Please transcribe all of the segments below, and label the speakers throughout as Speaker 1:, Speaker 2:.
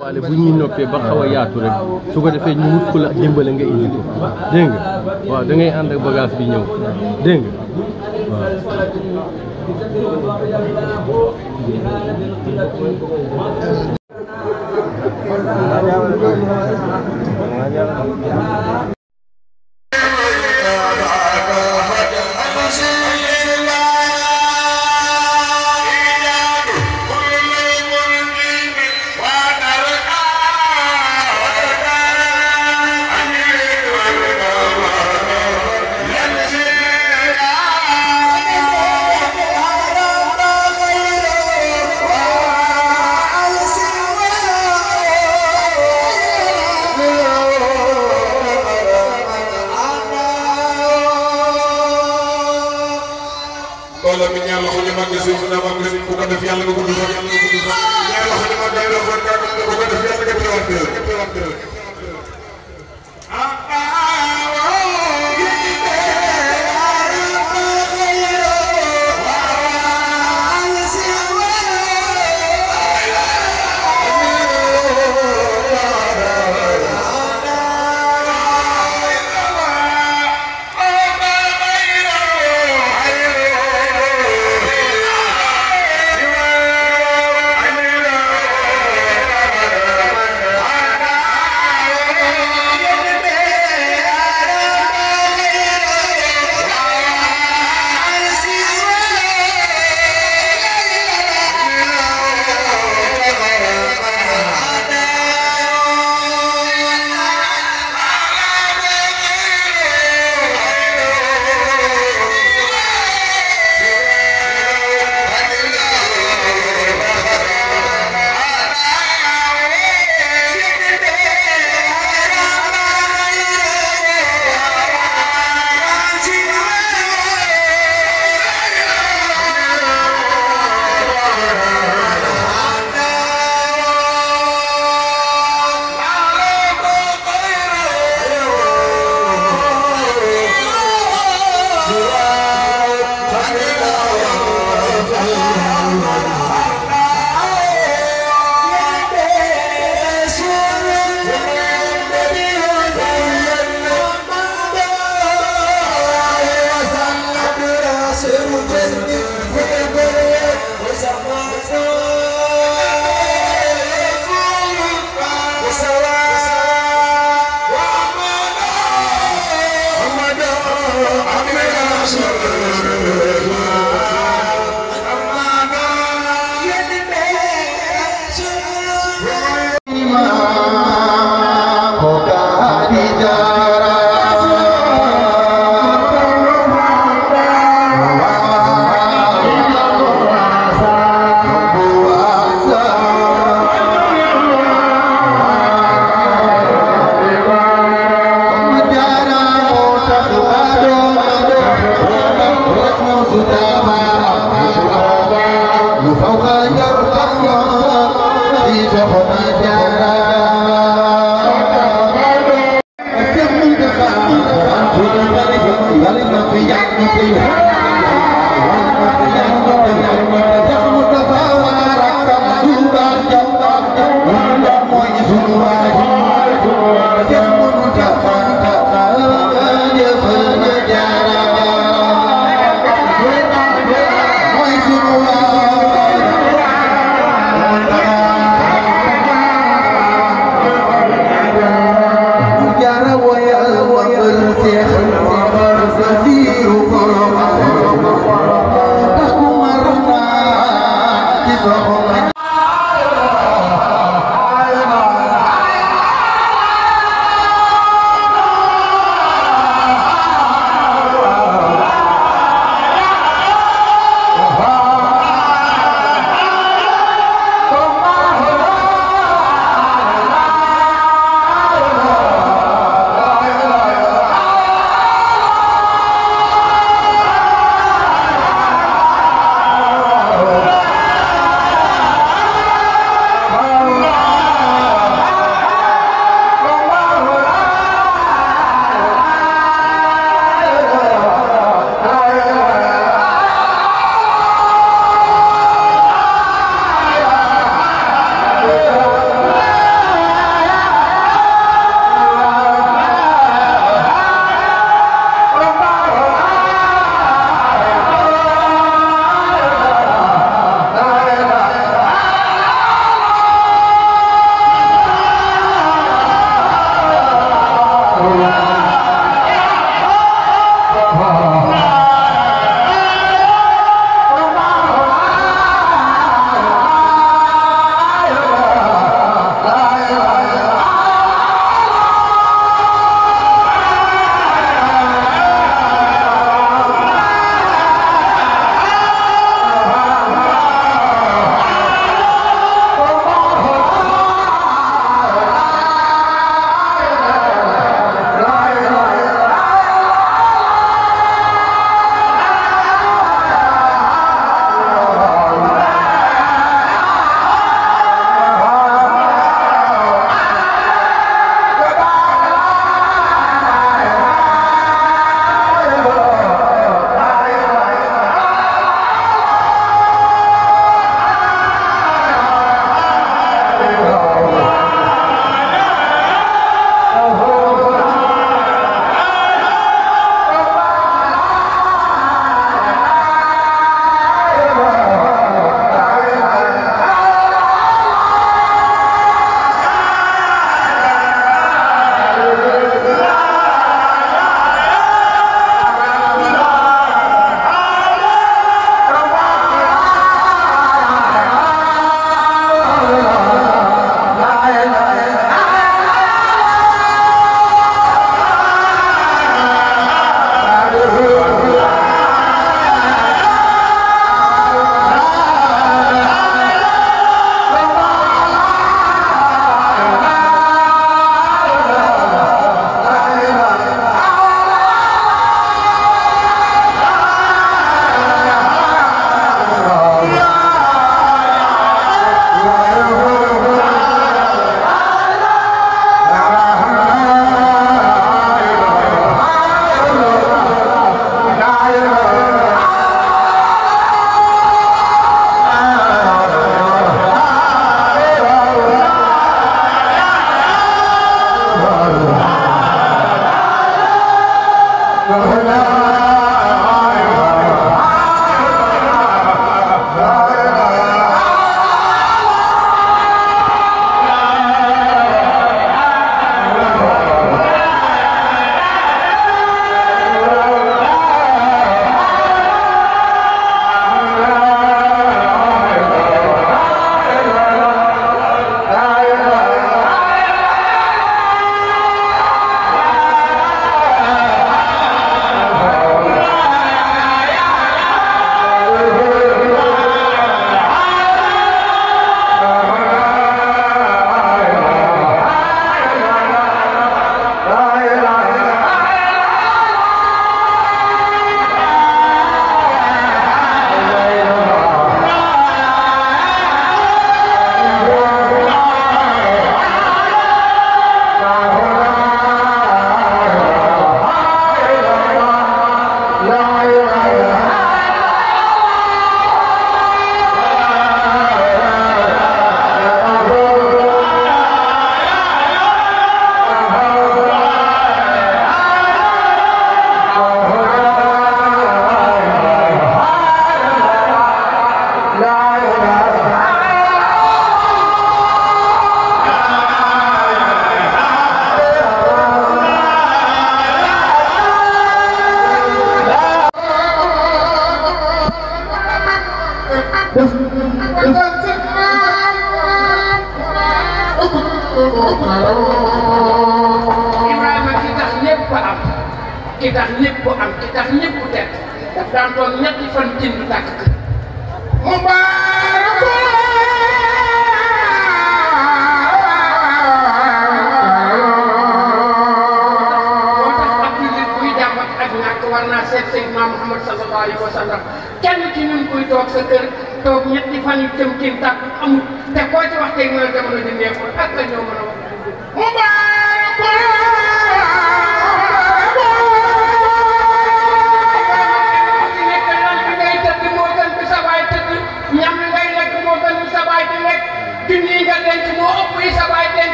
Speaker 1: waale bu ñuy noppee ba xaw yaatu rek su ko defee ñu wut ku la nga indi ko dégg waaw da ànd ak bagage bi ñëw dégg la mi ñaar loxo ñu mag si suñ na mag si Thank you. ki tax ñëpp am ki tax ñëpp teg daf daan doon ñetti fan tind tàkk mubarak war naa seet Seydina Muhammad sallallahu alayhi wa sallam kenn ci ñun kuy toog sa kër toog ñetti fan yu tëm tiim tàkk amul te koo ci wax tey mooy jamono ji neexul ak la ñoo mën a wax.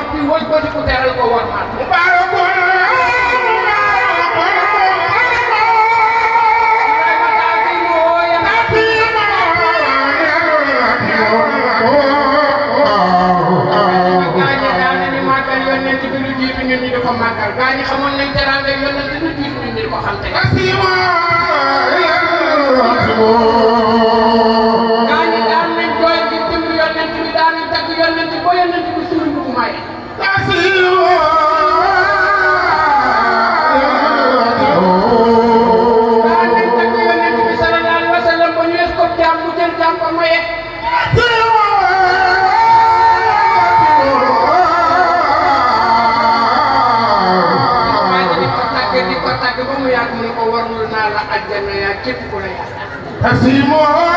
Speaker 1: wax bi wëj ko ci ku teral ko war mat Asima حسيمها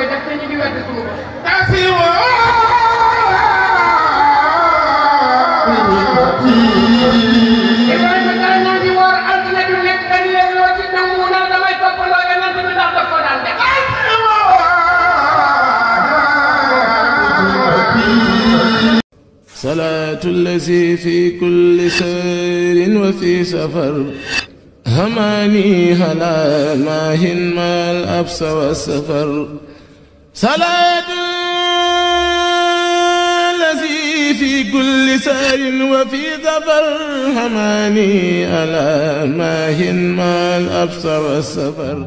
Speaker 1: koy def te ñu ngi wedd suñu bopp. Ibrahima dara ñoo ngi woor altine du nekk dañ leen loo ci nangu naan damay toppandoo yonent bi ndax daf ko daan def. صلاة الذي في كل سير وفي سفر هماني هلا ماهن ما الأبس والسفر salaatu lazi fi kulli sayrin wa fi safar xamaani ala maahin maal absar safar